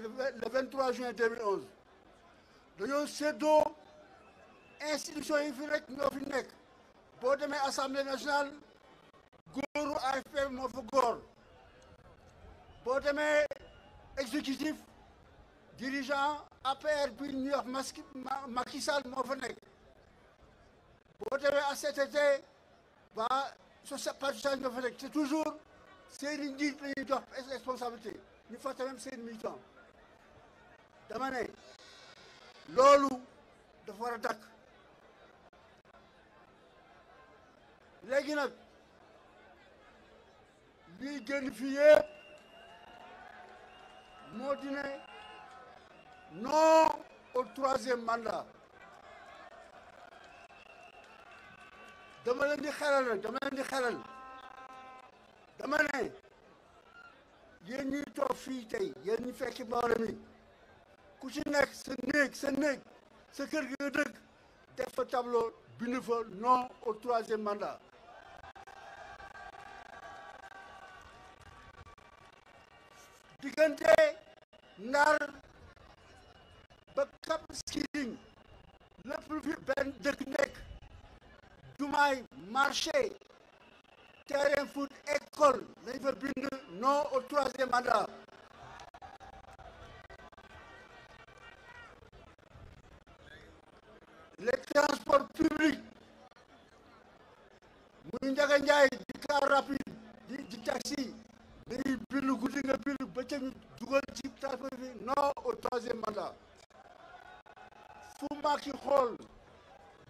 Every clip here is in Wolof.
le 23 juin 2011 dañoo séddoo institution yi fi rek nekk boo demee assemblée nationale góoru AFP moo fa góor demee exécutif dirigeant APR bi ñuy wax Macky Macky Sall moo fa nekk demee ACTT ba so parti socialiste ñoo fa nekk c'est toujours seen i njiit la ñuy responsabilité ñu fàtte même seen militant dama ne loolu dafa war a dakk léegi nag liy génn fii yëpp moo di ne non au troisième mandat dama leen di xelal rek dama leen di xelal dama ne yéen toog fii tey yéen ñu fekk mbooloo mi ku ci nekk sa néeg sa kër gi nga dëkk def fa tableau bind fa non au troisième mandat diggante Ndar ba Cap Skirring lépp fi benn dëkk nekk jumaay marché terrain foot école lañ fa bind non au troisième mandat les transports publics muy Ndiaga Ndiaye di car rapide di di dañuy bind guddi nga bind bëccëg ñu dugal ci transport bi non au troisième mandat fu Macky xool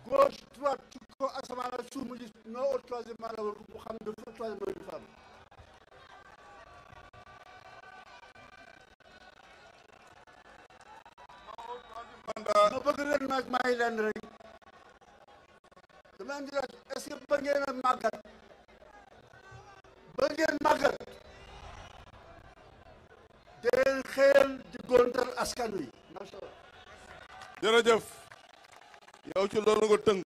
gauche droite ci ko asamaan suuf mu gis non au troisième mandat wala mu xam ne dafa troisième mandat ma bëgg leen nag may rek dama indi laaj est-ce que ba ngeen a màggat ba ngeen màggat di gontal askan wi macha allah yow ci loolu nga tënk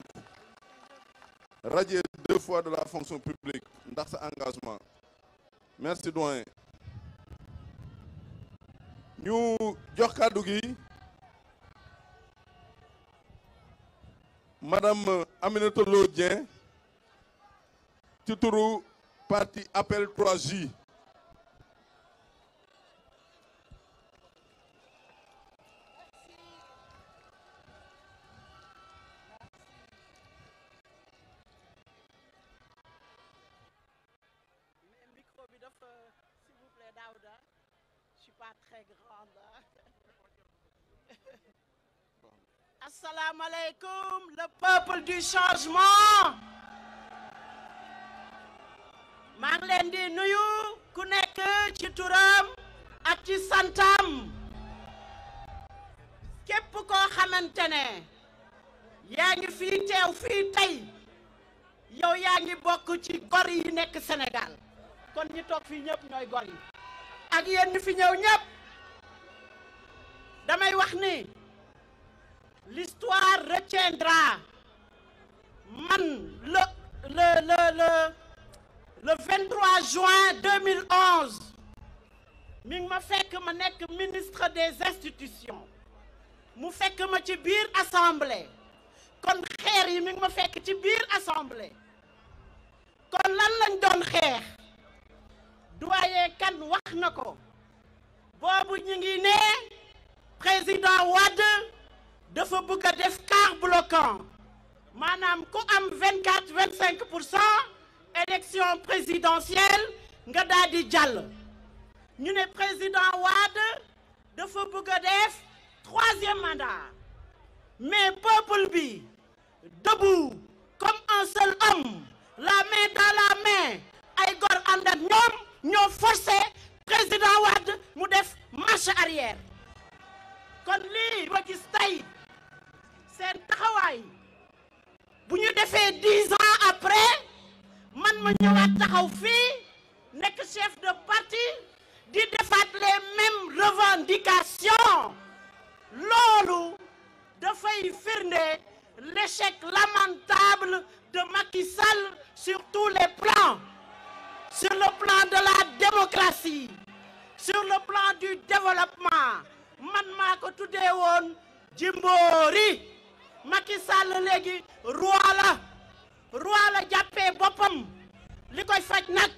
radié deux fois de la fonction publique ndax sa engagement merci doyen ñu jox kàddu gi madame euh, Aminata Lô Dieng ci turu parti appel 3J asalaamaaleykum le peuple du changement maa ngi leen di nuyu ku nekk ci turam ak ci santam képp koo xamante ne yaa ngi fii teew fii tey yow yaa ngi bokk ci gor yi nekk senegal kon ñi toog fii ñëpp ñooy gor yi ak yéen ñi fi ñëw ñëpp damay wax ni l'histoire retiendra man le le le juin 2011 mi ngi ma fekk ma nekk ministre des institutions mu fekk ma ci biir assemblée kon xeer yi mi ma fekk ci biir assemblée kon lan lañ doon xeex doyen wax na ko boobu ñu ngi ne président Wade dafa bëgg def quart bloquant maanaam ku am vingt quatre vingt cinq pour cent élection présidentielle nga daal jàll ñu ne président Wade dafa bëgg def troisième mandat mais peuple bi debout comme un seul homme la main dans la main ay góor ànd ñoom ñoo forcé président Wade mu def marche arrière kon lii ma gis tey seen taxawaay bu ñu defee dix ans après man ma ñëwaat taxaw fii nekk chef de parti di defaat les mêmes revendications loolu dafay firnde l'échec lamentable de Macky Sall sur tous les plans sur le plan de la démocratie sur le plan du développement man maa ko tuddee woon Djimbory Macky Sall roi la roi la jàppee boppam li koy faj nag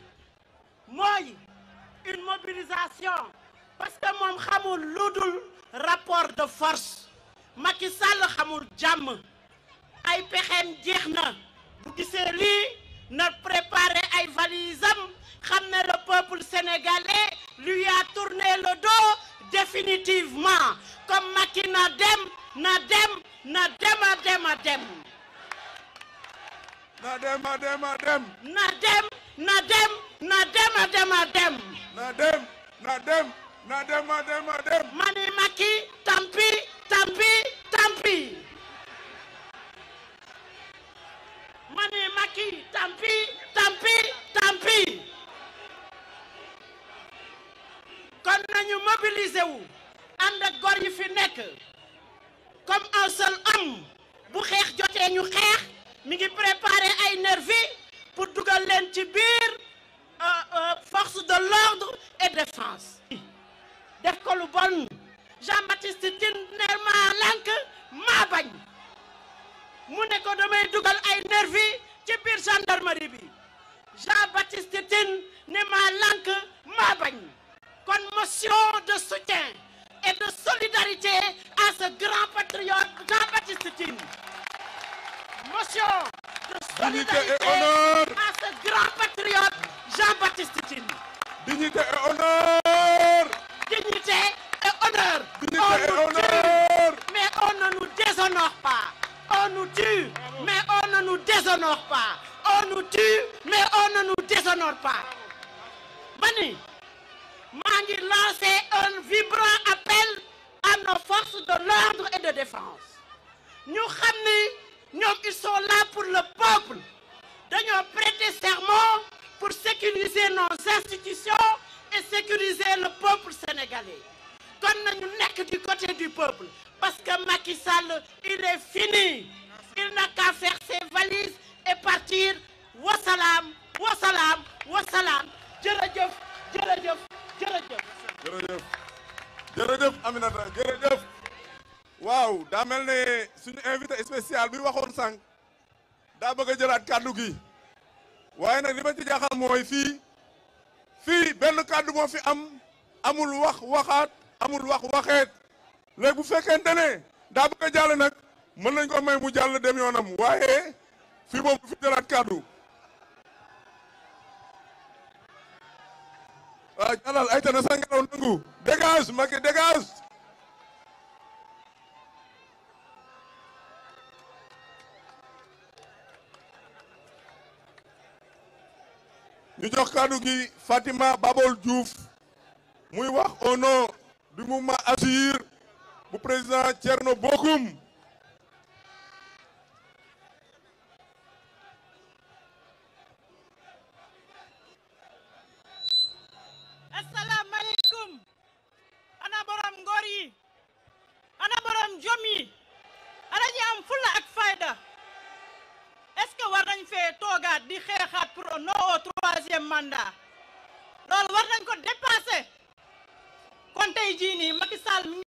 mooy une mobilisation parce que moom xamul lu dul rapport de force Macky xamul jàmm ay pexeem jeex na bu gisee lii na préparer ay valisam xam ne le peuple sénégalais lui a tourné le dos définitivement comme Macky dem na dem na dem a dem a dem. na dem a dem a dem. na dem na dem na dem a dem a dem. na dem na dem na dem a dem a dem. mani Macky tampi tampi tampi. mani Macky tampi tampi tampi. kon nañu mobiliser wu ànd ak góor yi fi nekk. comme un seul homme bu xeex jotee ñu xeex mi ngi préparer ay nervi pour dugal leen ci biir euh, euh, force de l'ordre et défense def ko lu bon Jean-Baptiste Tine ne maa lànk maa bañ mu ne ko damay dugal ay nervi ci biir gendarmerie bi Jean-Baptiste Tine ne maa lànk maa bañ kon de soutien et de solidarité à ce grand patriote Jean-Baptiste Tine. Motion de solidarité à ce grand patriote Jean-Baptiste Tine. Dignité et honneur. Dignité et honneur. mais on ne nous déshonore pas. On nous tue, mais on ne nous déshonore pas. mais on ne nous déshonore pas. maa ngi lancer un vibrant appel à nos forces de l'ordre et de défense ñu xam ni ils sont là pour le peuple dañoo prêter serment pour sécuriser nos institutions et sécuriser le peuple sénégalais kon nañu nekk du côté du peuple parce que Macky il est fini il n'a qu'à faire ses valises et partir wasalaam wasalaam wasalaam jërëjëf jërëjëf jërëjëf jërëjëf Aminata jërëjëf waaw daa mel ne suñu invité spécial bi waxoon sànq daa bëgg a jëlaat kàddu gi waaye nag li ma ci jaaxal mooy fii fii benn kàddu moo fi am amul wax waxaat amul wax waxeet léegi bu fekkente ne daa bëgg a jàll nag mën nañ ko may mu jàll dem yoonam waaye fii moom bu fi jëlaat kàddu waaw jalal ay tana sa nangu dégage Macky dégage ñu jox gi Fatima Babol Diouf muy wax au nom du mouvement Assir bu président Thierno Bocoum fee toogaat di xeexaat pour non au troisième mandat loolu war nañ ko dépasser kon tey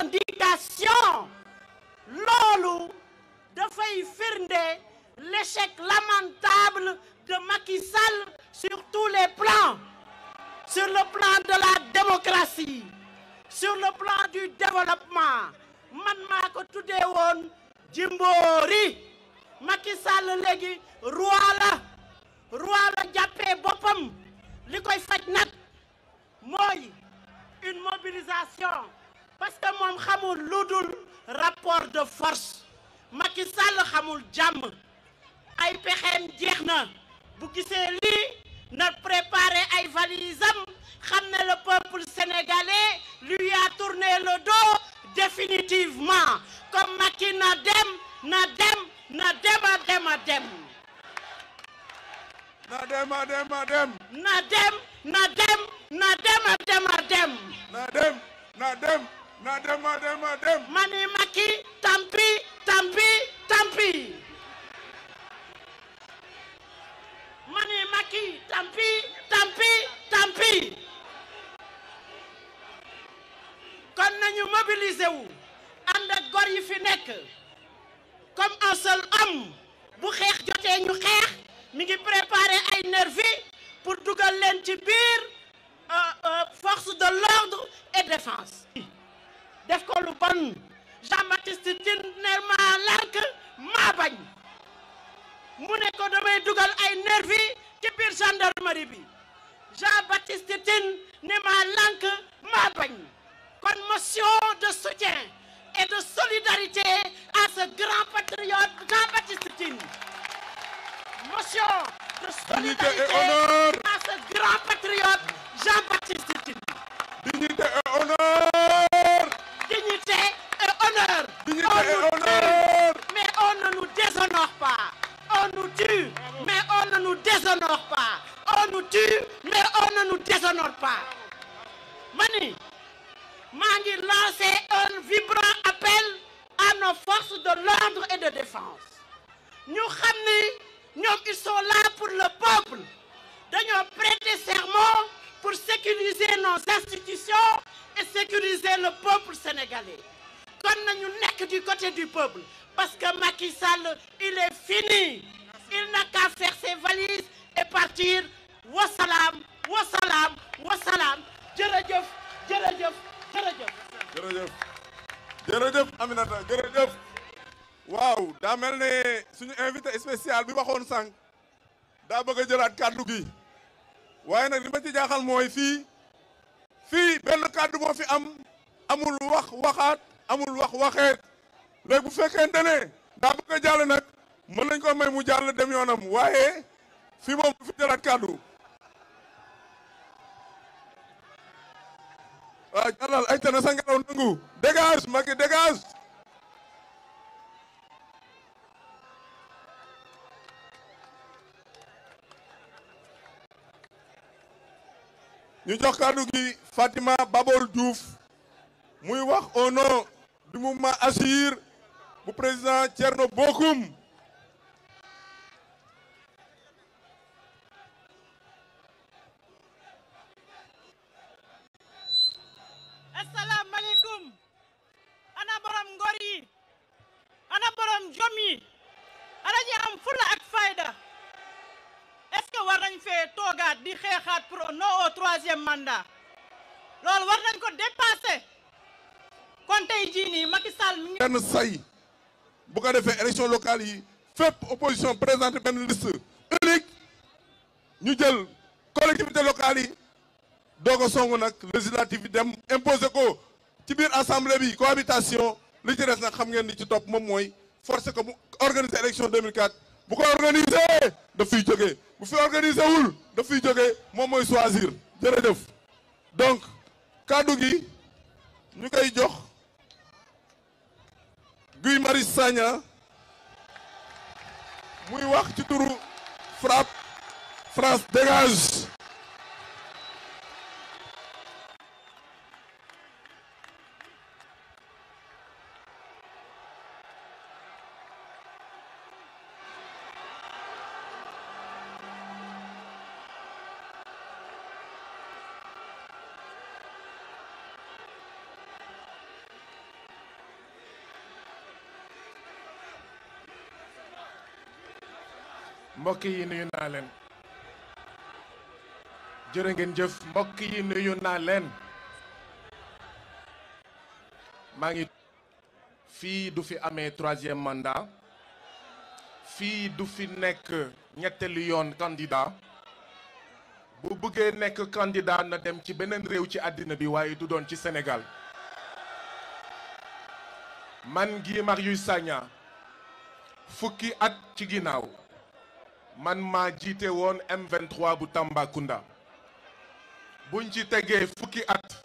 revendication loolu dafay firnde l'échec lamentable de Macky sur tous les plans sur le plan de la démocratie sur le plan du développement man maa ko tuddee woon jimboori Macky Sall léegi roi la roi la jàppee boppam li koy faj nag mooy une mobilisation parce que moom xamul lu rapport de force Macky xamul jàmm ay pexeem jeex na bu gisee lii na préparer ay valisam xam ne le peuple sénégalais lui a tourné le dos définitivement comme Macky na dem na dem na dem a dem na dem na dem na dem na dem na dem na dem na dem ma dem ma mani Macky tampi tampi tampi. kon nañu mobiliser wu. ànd ak góor yi fi nekk. comme un seul homme. bu xeex jotee ñu xeex. mi préparer ay nervi pour dugal leen ci biir euh, euh, force de l'ordre et défense. def ko lu bon Jean Baptiste Tine ne maa lànk maa bañ mu ne ko damay dugal ay nervi ci biir gendarmerie bi Jean Baptiste Tine ne maa lànk maa bañ kon motion de soutien et de solidarité à ce grand patriote Jean Baptiste Tine motion de solidarité et ce grand patriote Jean Baptiste Tine dignité et honneur. mais on ne nous déshonore pas. On nous tue, mais on ne nous déshonore pas. On nous tue, mais on ne nous déshonore pas. Mani, maa ngi lancer un vibrant appel à nos forces de l'ordre et de défense. ñu xam ils sont là pour le peuple dañoo prêter serment. pour sécuriser nos institutions et sécuriser le peuple sénégalais kon nañu nekk du côté du peuple parce que Macky Sall il est fini il n'a qu'à faire ses valises et partir wasalaam wasalaam wasalaam jërëjëf jërëjëf jërëjëf. jërëjëf jërëjëf Aminata jërëjëf waaw daa suñu invité spécial bi waxoon sànq daa bëgg a jëlaat kàddu gi. waaye nag li ma ci jaaxal mooy fii fii benn kàddu moo fi am amul wax waxaat amul wax waxeet léegi bu fekkente ne daa bëgg a nag mën nañ ko may mu jàll dem yoonam waaye fii moom du fi jëlaat kàddu waaw ay tana sa ngelaw nangu dégage Macky dégage ñu jox kàddu gi Fatima Babor Diouf muy wax o nom du mouvement Assir bu président Thierno Bocoum que war nañ fee toogaat di xeexaat pour non au troisième mandat loolu war nañ ko dépassé kon tey jii nii Macky bu ko defee élection yi fépp opposition présenté benn liste ñu jël collectivité locale yi doog a song nag législative bi dem imposé ko ci biir assemblée bi cohabitation li ci res nag xam ngeen li ci topp moom mooy forcé ko mu organiser élection 2004. bu ko organiser daf fiy jógee bu fi organiser wul daf fiy jógee moom mooy choisir jërëjëf donc kàddu gi ñu koy jox Guy Marius Sagna muy wax ci turu FRAPP France dégage mbokk yi nuyu naa leen jërë ngeen jëf mbokk yi nuyu naa leen maa ngi fii du fi amee troisième mandaa fii du fi nekk ñetteelu yoon candidat bu bëggee nekk candidat na dem ci beneen réew ci àddina bi waaye du doon ci Sénégal man Guy Marius Sagna fukki at ci ginnaaw man maa jiite woon M23 bu Tambacounda buñ ci tegee fukki at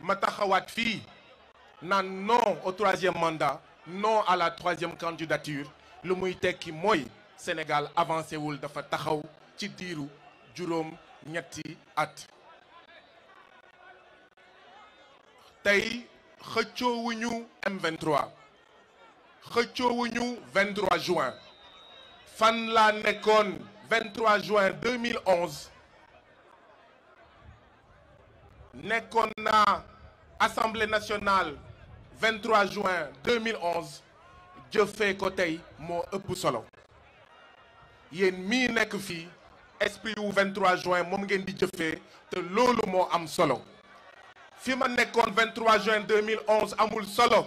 ma taxawaat fii naan non au troisième mandat non à la troisième candidature lu muy tekki mooy Sénégal avancé wul dafa taxaw ci diiru juróom ñetti at tey xëccoowuñu M23 xëccoowuñu 23 juin fan laa nekkoon 23 juin 2011 nekkoon naa assemblée nationale 23 juin 2011 jëfee ko tey moo ëpp solo yéen mi nekk fii esprit wu 23 juin moom ngeen di jëfee te loolu moo am solo fi ma nekkoon 23 juin 2011 amul solo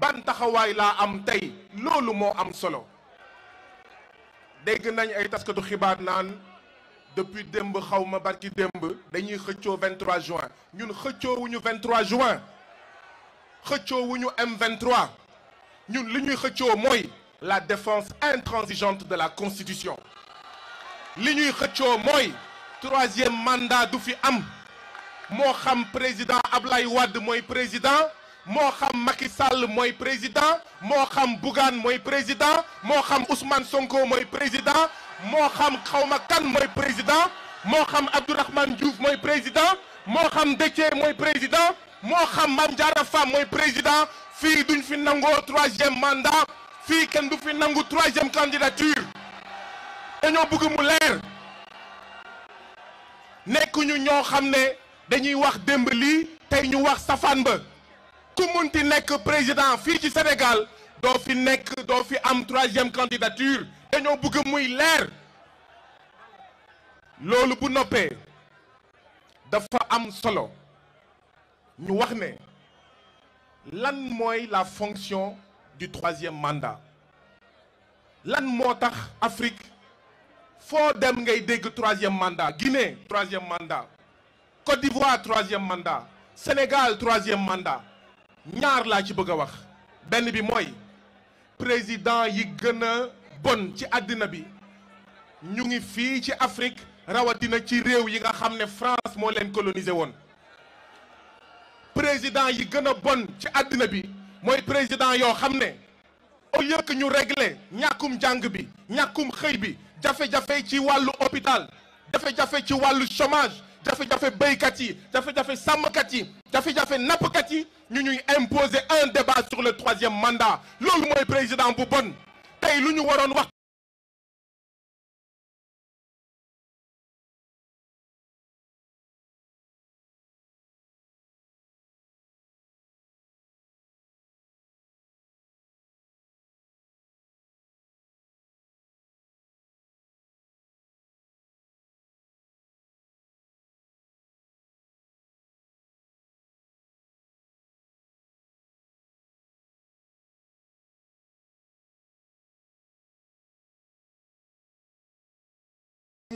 ban taxawaay laa am tey loolu moo am solo dégg nañu ay taskatu xibaar naan depuis démb xaw ma barki démb dañuy xëccoo 23 juin ñun xëccoowuñu 23 juin xëccoowuñu M23 ñun li ñuy xëccoo mooy la défense intransigeante de la constitution li ñuy xëccoo mooy troisième mandat du fi am moo xam président Ablaye Wade mooy président moo xam Macky Sall mooy président moo xam Bougane mooy président moo xam Ousmane Sonko mooy président moo xam xawma kan mooy président moo xam Abdourahmane Diouf mooy président moo xam Déthié mooy président moo xam Mame Diarra Fam mooy président fii duñ fi nangoo troisième mandat fii kenn du fi nangu troisième candidature dañoo bëgg mu leer nekkuñu ñoo xam ne dañuy wax démb lii tey ñu wax safaan ba ku munti nekk président fii ci Sénégal doo fi nekk doo fi am troisième candidature dañoo bëgg muy leer loolu bu noppee dafa am solo ñu wax ne lan mooy la fonction du troisième mandat lan moo tax Afrique foo dem ngay dégg troisième mandat Guinée troisième mandat Côte d'Ivoire troisième mandat Sénégal troisième mandat ñaar laa ci bëgg a wax benn bi mooy président yi gën a bon ci àddina bi ñu ngi fii ci Afrique rawatina ci réew yi nga xam ne France moo leen colonisé woon président yi gën a bon ci àddina bi mooy président yoo xam ne au lieu ñu régler ñàkkum jàng bi ñàkkum xëy bi jafe-jafe ci wàllu hôpital jafe-jafe ci wàllu chomage jafe-jafe béykat yi jafe-jafe sàmmkat yi jafe-jafe nappkat yi ñu ñuy imposer un débat sur le troisième mandat loolu mooy président bu tey lu ñu waroon wax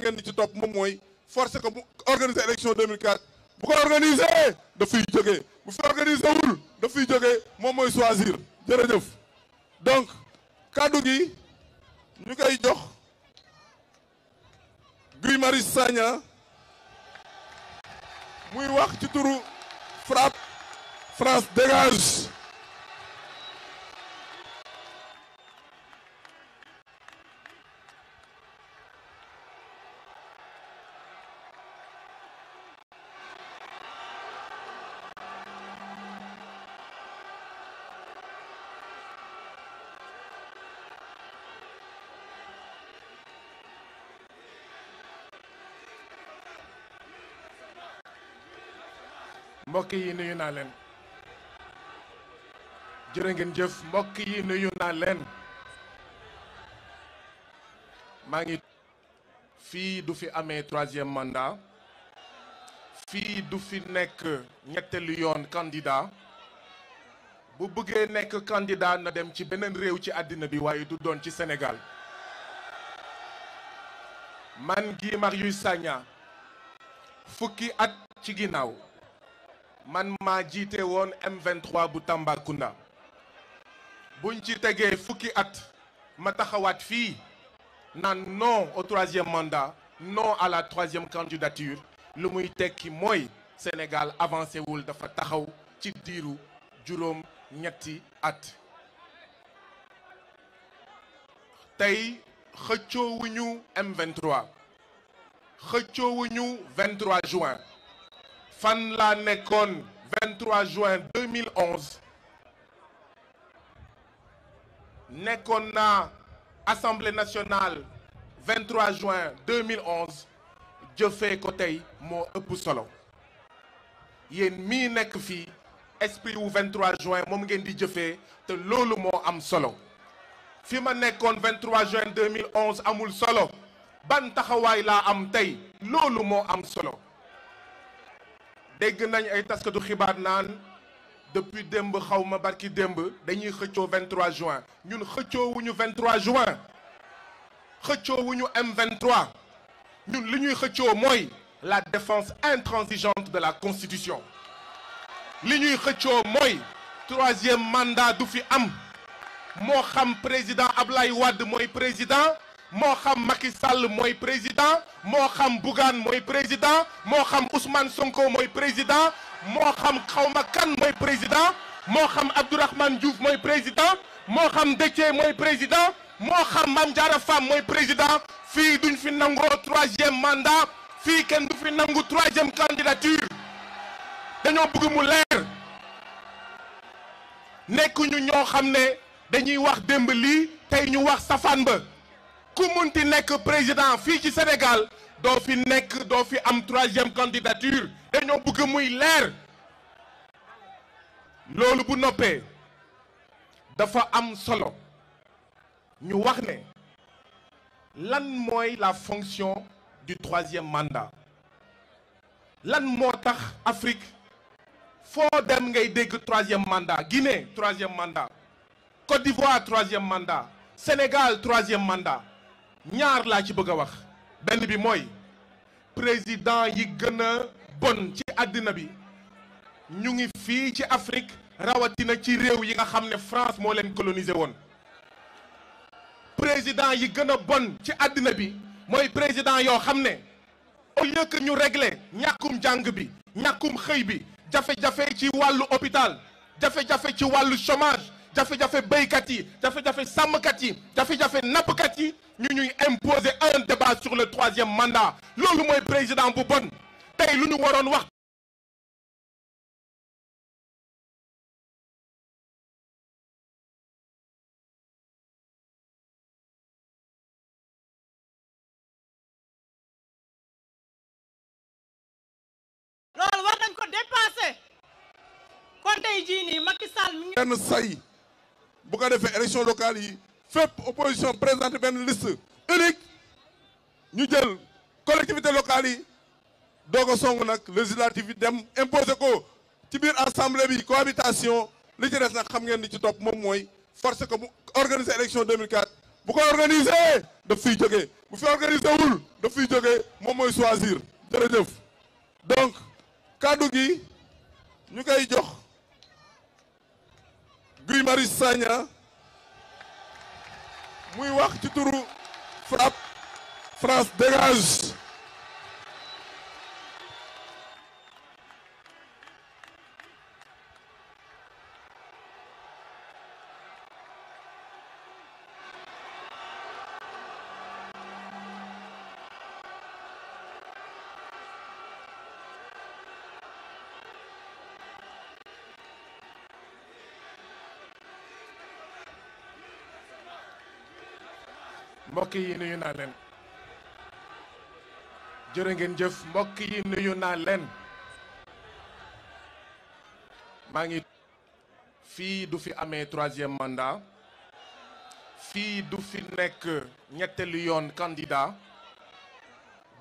ngeen di ci topp moom mooy forcé ko mu organiser élection 2004 bu ko organiser dafay jógee bu fi organiser dafay jógee moom mooy choisir jërëjëf donc kàddu gi ñu koy jox Guy Marius Sagna muy wax ci turu FRAPP France dégage mbokk yi nuyu na leen jërë ngeen jëf mbokk yi nuyu naa leen maa ngi fii du fi amee troisième mandat fii du fi nekk ñetteelu yoon candidat bu bëggee nekk kandidaa na dem ci beneen réew ci àddina bi waaye du doon ci Sénégal man Guy Marius Sagna fukki at ci ginnaaw man maa jiite woon M23 bu Tambacounda buñ ci tegee fukki at ma taxawaat fii naan non au troisième mandat no à la troisième candidature lu muy tekki mooy Sénégal avancé wul dafa taxaw ci diiru juróom ñetti at tey xëccoowuñu M23 xëccoowuñu 23 juin fan laa nekkoon 23 juin 2011 nekkoon naa assemblée nationale 23 juin 2011 jëfee ko tey moo ëpp solo yéen mii nekk fii esprit wu juin moom ngeen di jëfee te loolu moo am solo fi ma nekkoon 23 juin 2011 amul solo ban taxawaay laa am tey loolu moo am solo dégg nañu ay taskatu xibaar naan depuis démb xaw barki démb dañuy xëccoo 23 juin ñun xëccoowuñu wuñu 23 juin xëccoowuñu wuñu M23 li ñuy xëccoo mooy la défense intransigeante de la constitution li ñuy xëccoo mooy troisième mandat du fi am moo xam président Ablaye Wade mooy président moo xam Macky Sall mooy président moo xam Bougane mooy président moo xam Ousmane Sonko mooy président moo xam xawma kan mooy président moo xam Abdourahmane Diouf mooy président moo xam Déthié mooy président moo xam Mame Diarra Fam mooy président fii duñ fi nangoo troisième mandat fii kenn du fi nangu troisième candidature dañoo bëgg mu leer nekkuñu ñoo xam ne dañuy wax démb lii tey ñu wax safaan ba ku munti nekk président fii ci Sénégal doo fi nekk doo fi am troisième candidature dañoo bëgg muy leer loolu bu noppee dafa am solo ñu wax ne lan mooy la fonction du troisième mandat lan moo tax Afrique foo dem ngay dégg troisième mandat Guinée troisième mandat Côte d'Ivoire troisième mandat Sénégal troisième mandat ñaar laa ci bëgg a wax benn bi mooy président yi gën a bon ci àddina bi ñu ngi fii ci Afrique rawatina ci réew yi nga xam ne France moo leen colonisé woon président yi gën a bon ci àddina bi mooy président yoo xam ne au ñu régler ñàkkum jàng bi ñàkkum xëy bi jafe-jafe ci wàllu hôpital jafe-jafe ci wàllu chômage jafe-jafe béykat yi jafe-jafe sàmmkat yi jafe-jafe nappkat yi ñu ñuy imposer un débat sur le troisième mandat loolu mooy président bu bon tey lu ñu waroon wax loolu war nañ ko dépasser kon tey jii nii Macky say bu ko defee élection locale yi fépp opposition présenté benn liste unique ñu jël collectivité locale yi doo ko song nag législative yi dem imposé ko ci biir assemblée bi cohabitation li ci des nag xam ngeen li ci topp moom mooy force que mu organiser élection 2004 bu ko organiser daf fiy jógee bu fi organiser wul daf fiy jógee moom mooy choisir jërëjëf donc kàddu gi ñu koy jox Guy Marius Sagna muy wax ci turu FRAPP France dégage mbokk yi nuyu naa leen jërë ngeen jëf mbokk yi nuyu naa leen maa ngi fii du fi amee troisième mandaa fii du fi nekk ñetteelu yoon candidat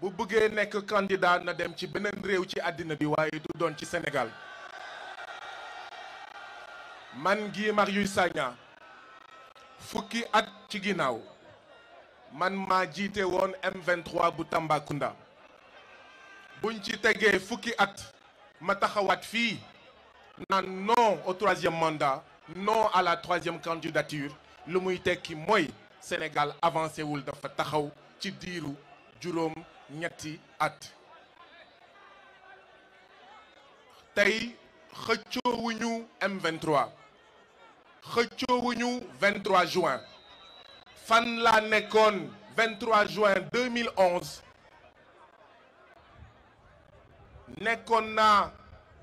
bu bëggee nekk kandidaa na dem ci beneen réew ci àddina bi waaye du doon ci Sénégal man Guy Marius Sagna fukki at ci ginnaaw man ma jiite woon M23 bu Tambacounda buñ ci tegee fukki at ma taxawaat fii naan non au mandat non à la troisième candidature lu muy tekki mooy Sénégal avancé wul dafa taxaw ci diiru juróom ñetti at tey xëccoowuñu M23 xëccoowuñu juin fan laa nekkoon 23 juin 2011 nekkoon naa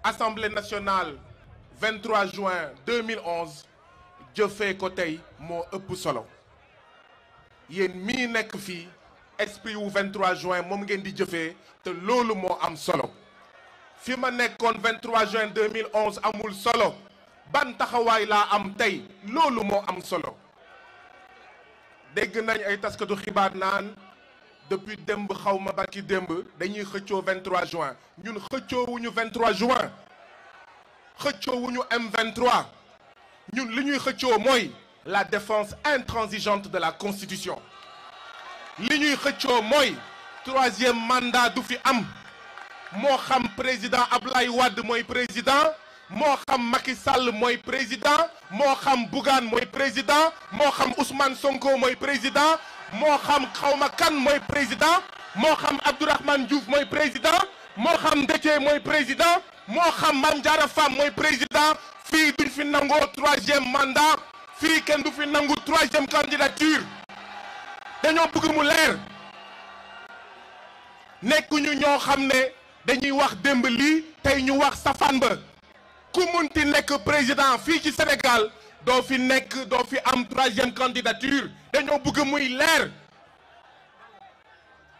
assemblée national 23 juin 2011 jëfee ko tey moo ëpp solo yéen mii nekk fii esprit wu 23 juin moom ngeen di jëfee te loolu moo am solo fi ma nekkoon 23 juin 2011 amul solo ban taxawaay laa am tey loolu moo am solo dégg nañ ay taskatu xibaar naan depuis démb xaw ma barki démb dañuy xëccoo 23 juin ñun xëccoowuñu 23 juin xëccoowuñu M23 ñun li ñuy xëccoo mooy la défense intransigeante de la constitution li ñuy xëccoo mooy troisième mandat du fi am moo xam président ab Ablaye Wade mooy président moo xam Macky Sall mooy président moo xam Bougane mooy président moo xam Ousmane Sonko mooy président moo xam xawma kan mooy président moo xam Abdourahmane Diouf mooy président moo xam Ndéthié mooy président moo xam Mame Diarra Fam mooy président fii duñ fi nangoo troisième mandat fii kenn du fi nangu troisième candidature dañoo bëgg mu leer nekkuñu ñoo xam ne dañuy wax démb lii tey ñu wax safaan ba ku munti nekk président fii ci Sénégal doo fi nekk doo fi am troisième candidature dañoo bëgg muy leer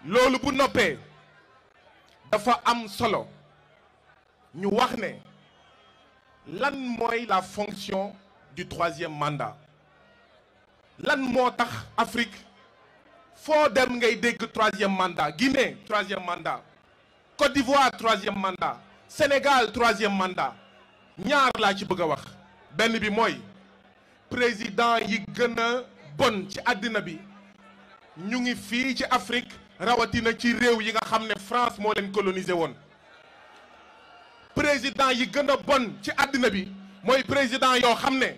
loolu bu noppee dafa am solo ñu wax ne lan mooy la fonction du troisième mandat lan moo tax Afrique foo dem ngay dégg troisième mandat Guinée troisième mandat Côte d'Ivoire troisième mandat Sénégal troisième mandat ñaar laa ci bëgg a wax benn bi mooy président yi gën bon ci àddina bi ñu ngi fii ci Afrique rawatina ci réew yi nga xam ne France moo leen colonisé woon président yi gën a bon ci àddina bi mooy président yoo xam ne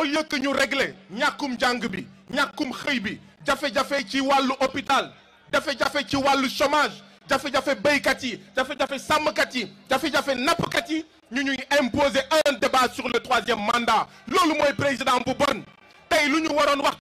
au lieu ñu régler ñàkkum jàng bi ñàkkum xëy bi jafe-jafe ci wàllu hôpital jafe-jafe ci wàllu chômage jafe-jafe béykat yi jafe-jafe sàmmkat yi jafe-jafe nappkat yi ñu ñuy imposé un débat sur le troisième mandat loolu mooy président bu tey lu ñu waroon wax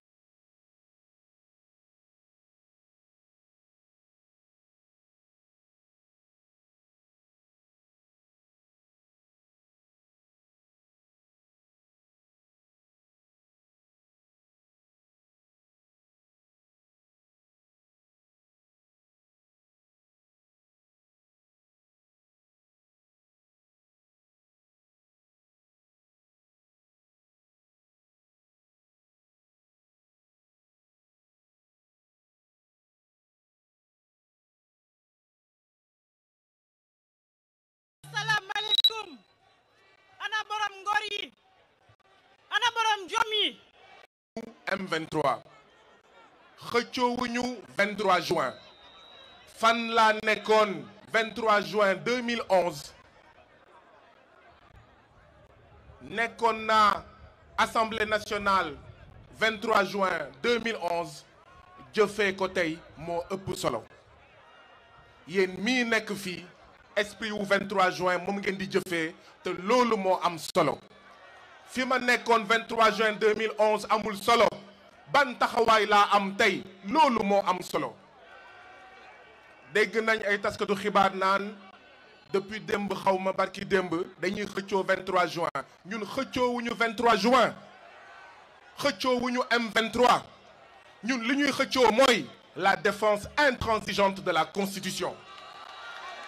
ngor yi ana borom jom yi m juin fan laa nekkoon juin 2011 nekkoon naa assemblée nationale 23 juin 2011 jëfee ko tey moo ëpp solo yéen mii nekk fii esprit wu 23 juin moom ngeen di jëfee te loolu moo am solo fi ma nekkoon 23 juin 2011 amul solo ban taxawaay laa am tey loolu moo am solo dégg nañ ay taskatu xibaar naan depuis démb xaw ma barki demb dañuy xëccoo 23 juin ñun xëccoowuñu 23 juin xëccoowuñu M23 ñun li ñuy xëccoo mooy la défense intransigeante de la constitution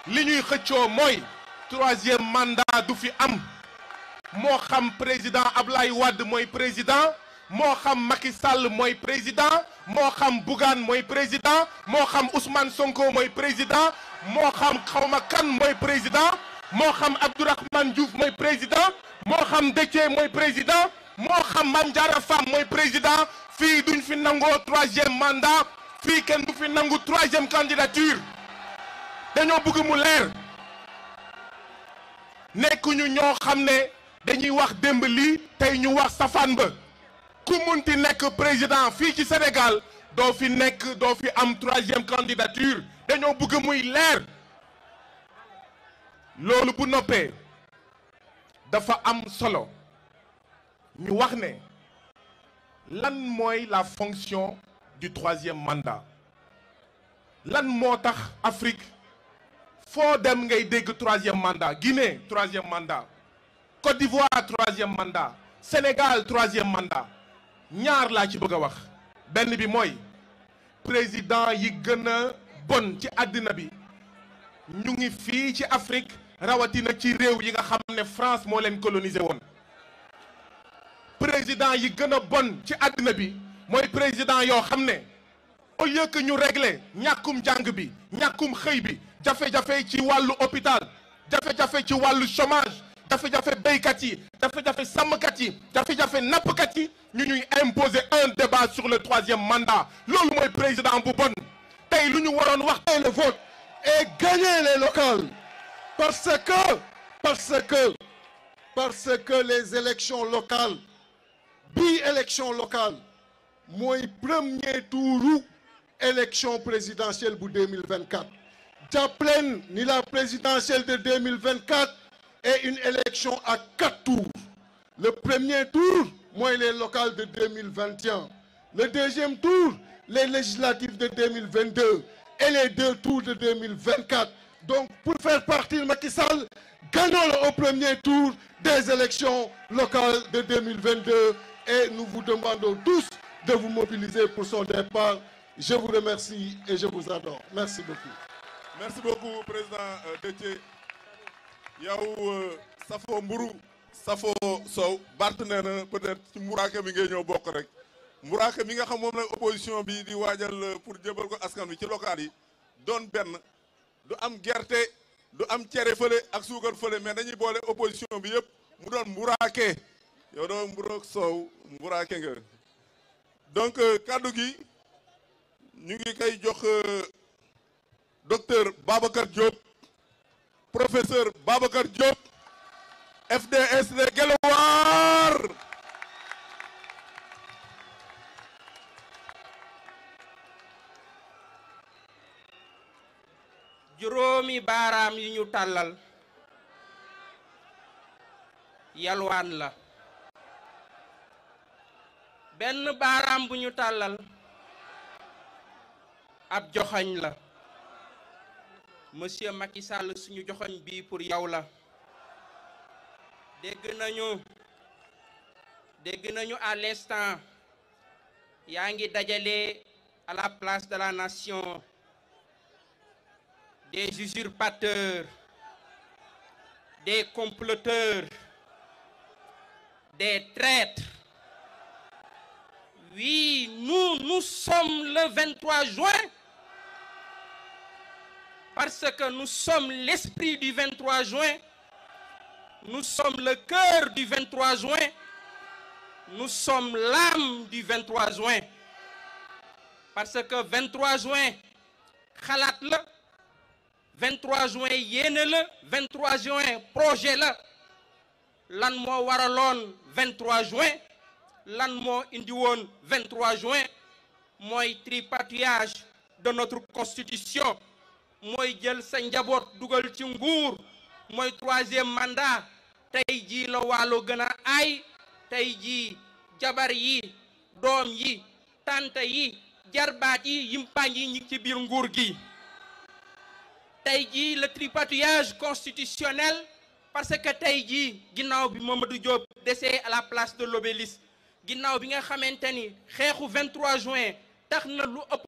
li ñuy xëccoo mooy troisième mandat du fi am moo xam président Ablaye Wade mooy président moo xam Macky Sall mooy président moo xam Bougane mooy président moo xam Ousmane Sonko mooy président moo xam xawma kan mooy président moo xam Abdourahmane Diouf mooy président moo xam Déthié mooy président moo xam Mame Diarra Fam mooy président fii duñ fi nangoo troisième mandat fii kenn du fi nangu troisième candidature dañoo bëgg mu leer nekkuñu ñoo xam ne dañuy wax démb li tey ñu wax safaan ba ku munti nekk président fii ci Sénégal doo fi nekk doo fi am troisième candidature dañoo bëgg muy leer loolu bu noppee dafa am solo ñu wax ne lan mooy la fonction du troisième mandat lan moo tax Afrique foo dem ngay dégg troisième mandat Guinée troisième mandat Côte d'Ivoire troisième mandat Sénégal troisième mandat ñaar laa ci bëgg wax benn bi mooy président yi gën a bon ci àddina bi ñu ngi fii ci Afrique rawatina ci réew yi nga xam ne France moo leen colonisé woon président yi gën a bon ci àddina bi mooy président yoo xam ne au lieu ñu régler ñàkkum jàng bi ñàkkum xëy bi jafe-jafe ci wàllu hôpital jafe-jafe ci wàllu chômage jafe-jafe béykat yi jafe-jafe sàmmkat yi jafe-jafe nappkat yi ñu ñuy imposer un débat sur le troisième mandat loolu mooy président bu bon tey lu ñu waroon wax tey le vote et gagner les locales parce que parce que parce les élections locales bi élection locale mooy premier touru élection présidentielle bu 2024 marcha pleine ni la présidentielle de 2024 et une élection à quatre tours. Le premier tour, mooy les locales de 2021. Le deuxième tour, les législatives de 2022 et les deux de 2024. Donc pour faire partir Macky Sall, gagnons-le au premier tour des élections locales de 2022 et nous vous demandons tous de vous mobiliser pour son départ. Je vous remercie et je vous adore. Merci beaucoup. merci beaucoup président euh, Déthié yow euh, safoo mburu safo sow Bart nee peut-être ci mburaake bi ngay ñëw bokk rek mburaake bi nga xam moom la opposition bi di waajal euh, pour jëbal ko askan wi ci lokaal yi doon benn du am gerte du am cere fële ak suukar fële mais dañuy boole opposition bi yëpp mu doon mburaake yow doo mburoog soow mburaake nga donc kaddu gi ñu ngi koy jox docteur Babacar Diop professeur Babacar Diop FDS de Guelwaar juróomi baaraam yi ñu tàllal yalwaan la benn baaraam bu ñu tàllal ab joxañ la monsieur Macky Sall suñu joxoñ bi pour yow la dégg nañu dégg nañu à l'instant yaa ngi dajale à la place de la nation des usurpateurs des comploteurs des traîtres oui nous nous sommes le 23 juin parce que nous sommes l'esprit du 23 juin, nous sommes le cœur du 23 juin, nous sommes l'âme du 23 juin. Parce que 23 juin xalaat la 23 juin yéene la 23 juin projet la lan moo waraloon 23 juin lan moo indi woon 23 juin mooy tripatouillage de notre constitution mooy jël sa njaboot dugal ci nguur mooy troisième mandat tey jii la waalo gën a aay tey jii jabar yi doom yi tante yi jarbaat yi yimpaañ yi ñi ci biir nguur gi tey jii le tripatouillage constitutionnel parce que tey jii ginnaaw bi Mamadou Diop décédé à la place de l'obélisque ginnaaw bi nga xamante ni xeexu 23 juin tax na lu ëpp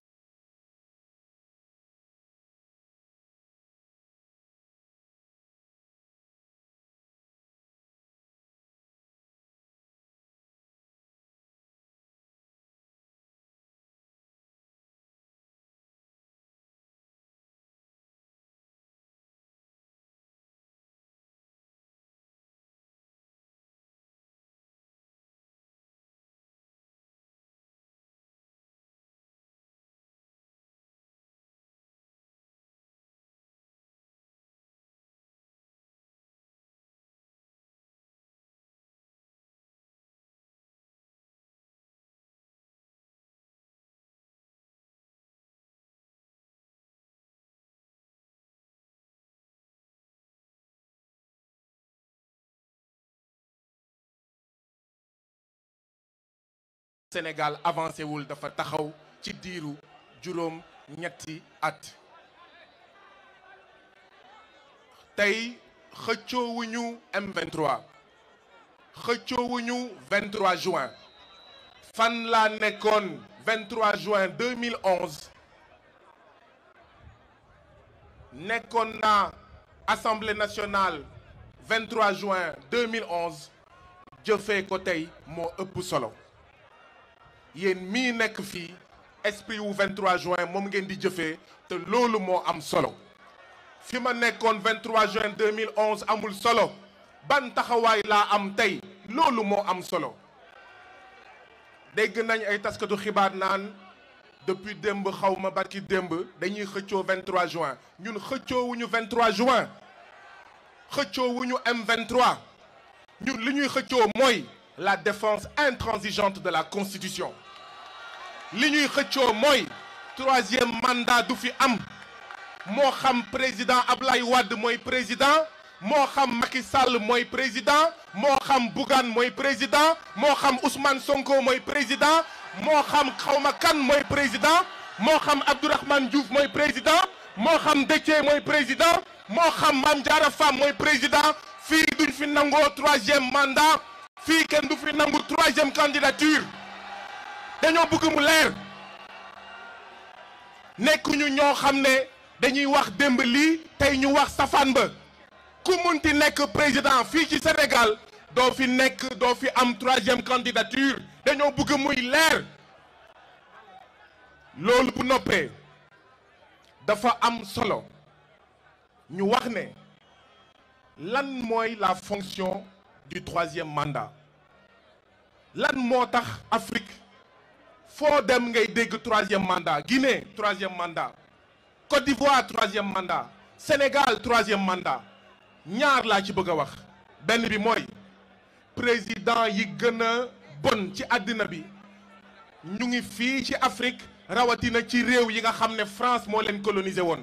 Sénégal avancé wul dafa taxaw ci diiru juróom ñetti at tey xëccoowuñu M23 xëccoowuñu 23 juin fan laa nekkoon 23 juin nekkoon naa assemblée nationale 23 juin 2011 jëfee ko tey moo ëpp solo yéen mii nekk fii esprit wu 23 juin moom ngeen di jëfee te loolu moo am solo fi ma nekkoon 23 juin 2011 amul solo ban taxawaay laa am tey loolu moo am solo dégg nañ ay taskatu xibaar naan depuis demb xaw ma barki démb dañuy xëccoo 23 juin ñun xëccoowuñu 23 juin xëccoowuñu M23 ñun li ñuy xëccoo mooy la défense intransigeante de la Constitution li ñuy xëccoo mooy troisième mandat du fi am moo xam président Ablaye Wade mooy président moo xam Macky Sall mooy président moo xam Bougane mooy président moo xam Ousmane Sonko mooy président moo xam xawma kan mooy président moo xam Abdourahmane Diouf mooy président moo xam Déthié mooy président moo xam Mame Diarra Fam mooy président fii duñ fi nangoo troisième mandat fii kenn du fi nangu troisième candidature dañoo bëgg mu leer nekkuñu ñoo xam ne dañuy wax démb lii tey ñu wax safaan ba ku munti nekk président fii ci Sénégal doo fi nekk doo fi am troisième candidature dañoo bugg muy leer loolu bu noppee dafa am solo ñu wax ne lan mooy la fonction du troisième mandat lan moo tax Afrique foo dem ngay dégg troisième mandat Guinée troisième mandat Côte d'Ivoire troisième mandat Sénégal troisième mandat ñaar laa ci bëgg a wax benn bi mooy président yi gën a bon ci àddina bi ñu ngi fii ci Afrique rawatina ci réew yi nga xam ne France moo leen colonisé woon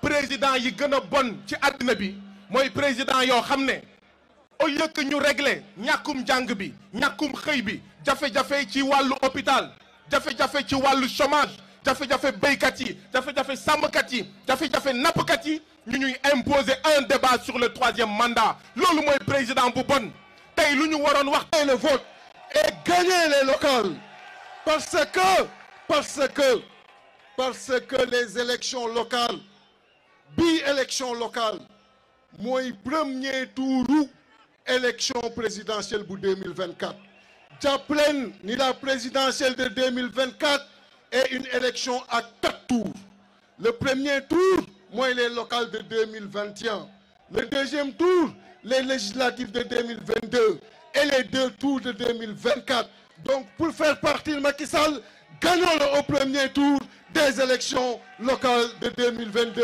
président yi gën a bon ci àddina bi mooy président yoo xam ne au lieu que ñu régler ñàkkum jàng bi ñàkkum xëy bi jafe-jafe ci wàllu hôpital jafe-jafe ci wàllu chômage jafe-jafe béykat yi jafe-jafe sàmmkat yi jafe-jafe nappkat yi ñu ñuy impose un débat sur le troisième mandat loolu mooy président bu bon tey lu ñu waroon wax tey le vote et gagner les locales parce que parce que parce que les élections locales bi élection locale mooy premier tour élection présidentielle bu 2024 jàppaleen ni la présidentielle de 2024 est une élection à quatre tours le premier tour mooy les locales de 2021 le deuxième tour les législatives de 2022 et les deux tours de 2024 donc pour faire partir Macky Sall gagnons-le au premier tour des élections locales de 2022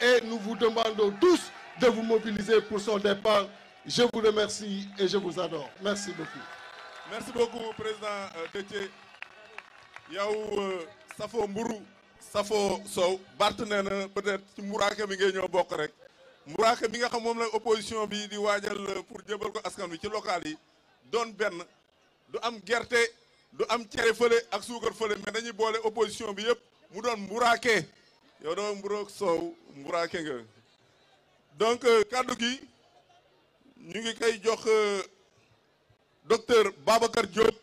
et nous vous demandons tous de vous mobiliser pour son départ Je vous remercie et je vous adore. Merci beaucoup. Président euh, Déthié yow euh, safoo mburu safoo sow Bart na peut-être ci muraake bi ngay ñoo bokk rek muraake bi nga xam moom la opposition bi di waajal euh, pour jëbal ko askan wi ci local yi doon benn du am gerte du am cere fële ak suukar fële mais dañuy boole opposition bi yëpp mu doon muraake yow doo mburoog soow muraake nga donc kaddu gi ñu ngi koy jox euh, docteur Babacar Diop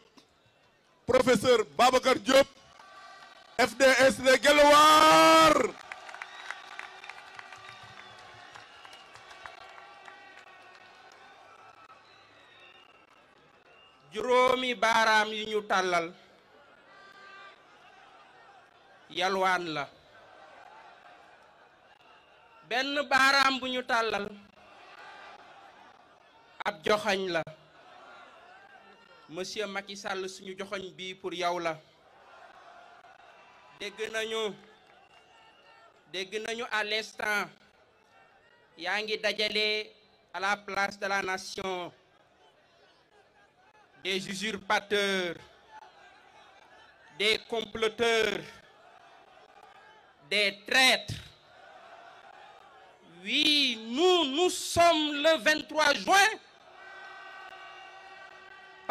professeur Babacar Diop FDS de Guelwaar juróomi baaraam yi ñu tàllal yalwaan la benn baaraam bu ñu tàllal ab joxoñ la monsieur Macky Sall suñu joxoñ bii pour yow la dégg nañu dégg nañu à l'instant yaa ngi dajale à la place de la nation des usurpateurs des comploteurs des traîtres oui nous nous sommes le juin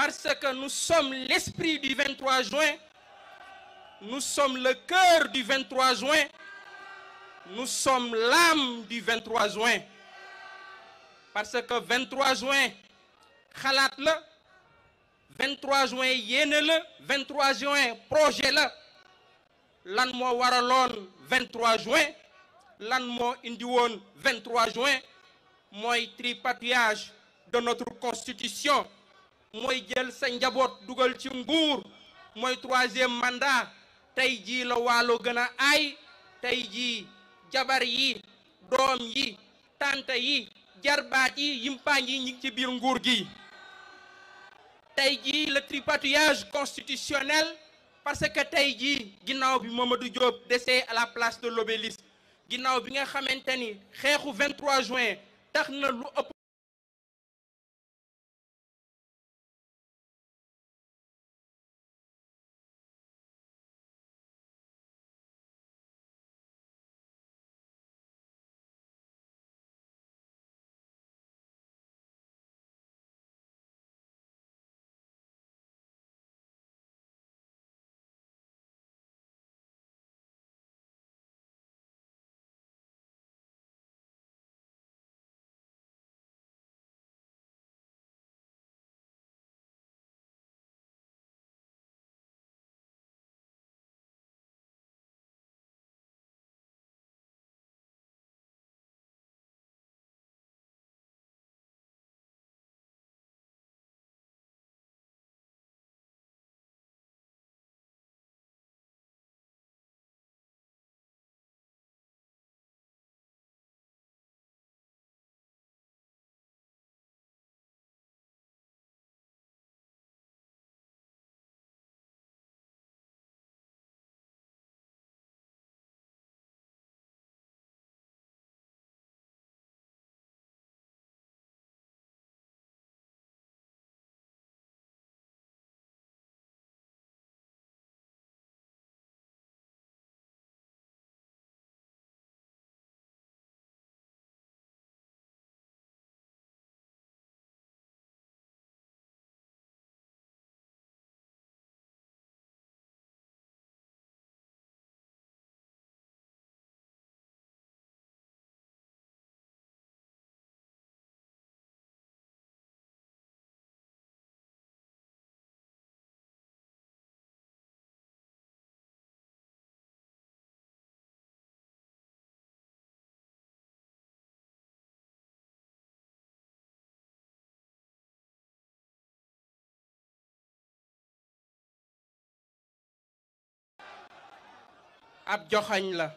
Parce que nous sommes l'esprit du 23 juin, nous sommes le cœur du 23 juin, nous sommes l'âme du 23 juin. Parce que 23 juin xalaat la 23 juin yéene la 23 juin projet la lan moo waraloon 23 juin lan moo indi woon 23 juin mooy tripatouillage de notre constitution mooy jël sa njaboot dugal ci nguur mooy troisième mandat tey jii la waalo gëna a aay tey jii jabar yi doom yi tante yi jarbaat yi yimpaañ yi ñi ci biir nguur gi tey jii le tripatouillage constitutionnel parce que tey jii ginnaaw bi Mamadou Diop dese à la place de lobelis ginnaaw bi nga xamante ni xeexu 23 juin tax na lu ëpp ab joxoñ la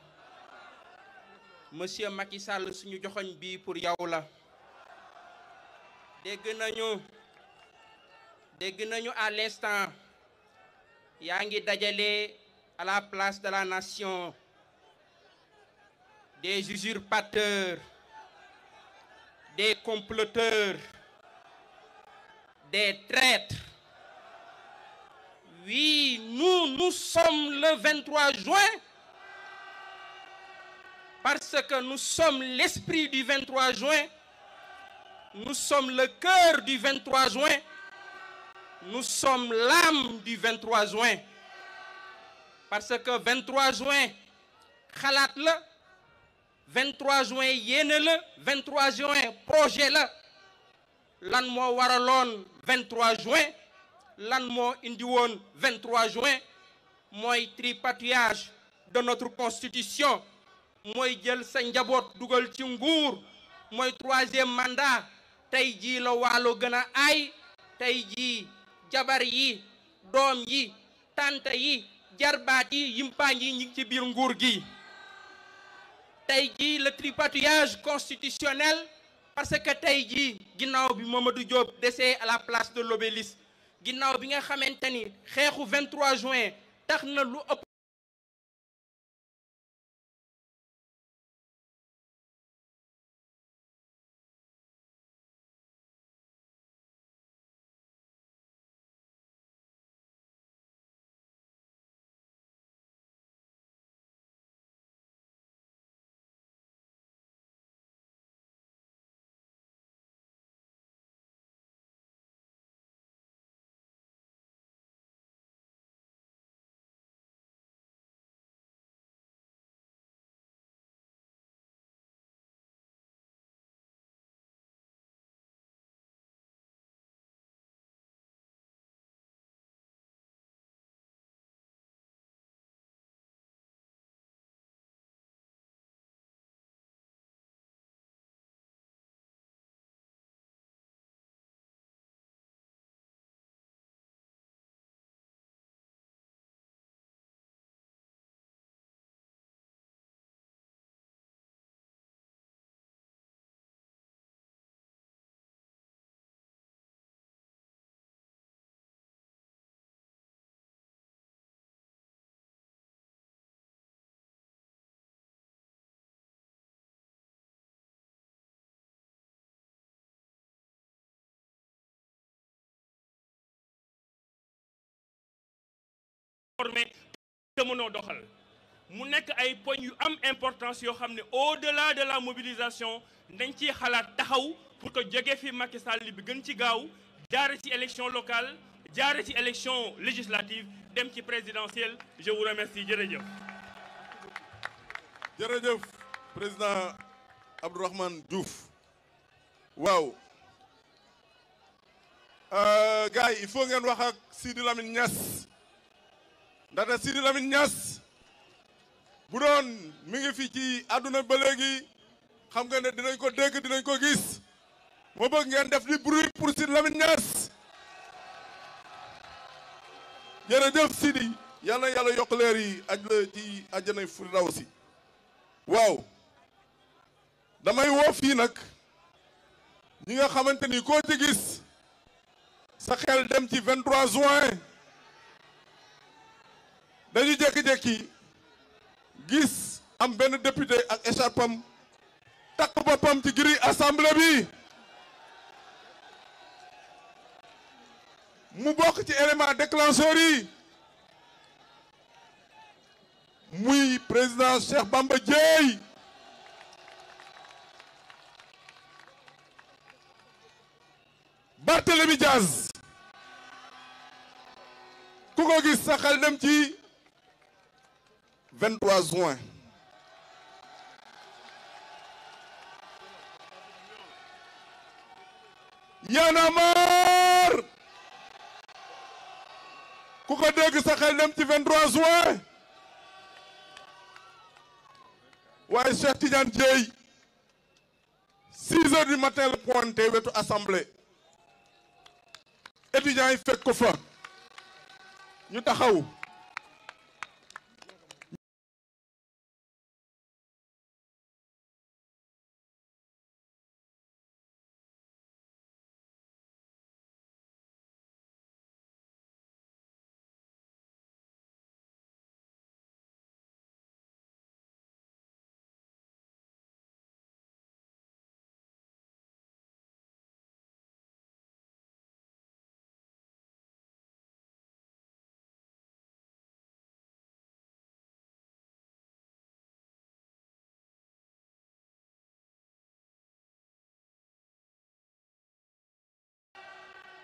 monsieur Macky suñu joxoñ bii pour yow la dégg nañu dégg nañu à l'instant yaa ngi dajale à la place de la nation des usurpateurs des comploteurs des traîtres oui nous nous sommes le 23 juin parce que nous sommes l'esprit du juin, nous sommes le cœur du 23 juin, nous sommes l'âme du juin. Parce que 23 juin, xalaat la 23 juin yéene la 23 juin projet la lan moo waraloon 23 juin lan moo indi woon 23 juin mooy tripatouillage de notre constitution mooy jël sa njaboot dugal ci nguur mooy troisième mandat tey jii la waalo gëna a aay tey jii jabar yi doom yi tante yi jarbaat yi yimpaañ yi ñi ci biir nguur gi tey jii le tripatouillage constitutionnel parce que tey jii ginnaaw bi Mamadou Diop desee à la place de l'obélisque ginnaaw bi nga xamante ni xeexu 23 juin tax na lu ëpp réformer te mënoo doxal mu nekk ay poñ yu am importance yoo xam ne au-delà de la mobilisation dañ ciy xalaat taxaw pour que jóge fi Macky Sall bi gën ci gaaw jaare ci élection locale jaare ci élection législative dem ci présidentielle je vous remercie jërëjëf. jërëjëf président Abdourahmane Diouf waaw euh, gars yi il faut ngeen wax ak Sidi Lamine Niass. ndaxte Sidi Lamine Niass bu doon mi ngi fi ci àdduna ba léegi xam nga ne dinañ ko dégg dinañ ko gis ma bëgg ngeen def di bruit pour Sidi Lamine Niass jërëjëf Sidi yal na yokk leer yi aj la ci àjjana si waaw damay woo fii nag ñi nga xamante ni ko ci gis sa xel dem ci 23 juin dañu jékki-jékki gis am benn député ak écharpam takk boppam ci giri assemblée bi mu bokk ci élément déclencheur yi muy président Cheikh Bamba Dièye Barthélémy Diaz ku ko gis sa xel dem ci 23 juin yana a ku ko dégg sa xel dem ci 23 juin waaye Cheikh Tidiane Dieye 6 heures du matin la pointé wetu assemblée étudiants yi fekk ko fa ñu taxaw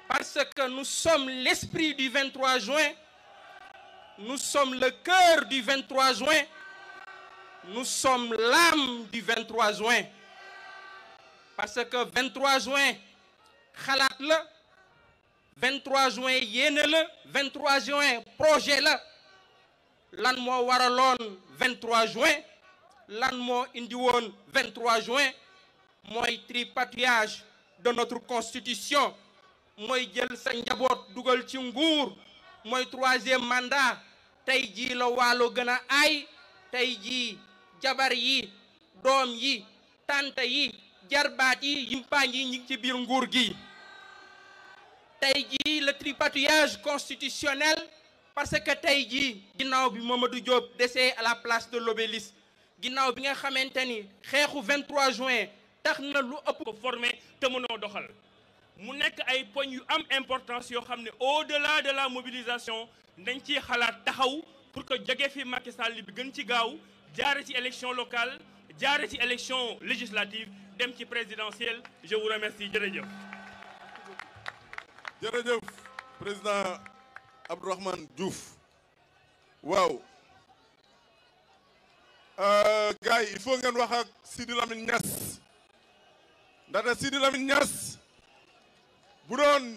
Parce que nous sommes l'esprit du juin, nous sommes le cœur du 23 juin, nous sommes l'âme du juin. Parce que 23 juin xalaat la 23 juin yéene la 23 juin projet la lan moo waraloon 23 juin lan moo indi woon 23 juin mooy tripatouillage de notre constitution mooy jël sa njaboot dugal ci nguur mooy troisième mandat tey jii la waalo gën aay tey ji jabar yi doom yi tante yi jarbaat yi yimpaañ yi ñi ci biir nguur gi tey ji le tripatouillage constitutionnel parce que tey jii ginnaaw bi Mamadou Diop desee à la place de l'obélisque ginnaaw bi nga xamante ni xeexu 23 juin tax na lu ëpp ko formé te mënoo doxal mu nekk ay poñ yu am importance yoo xam ne au-delà de la mobilisation dañ ciy xalaat taxaw pour que joge fi Macky Sall bi gën ci gaaw jaare ci élection locale jaare ci élection législative dem ci présidentielle je vous remercie jërëjëf. président Abdourahmane Diouf waaw euh, gars yi il faut ngeen wax ak Sidi Lamine Niass ndaxte Sidi Lamine Niass. bu doon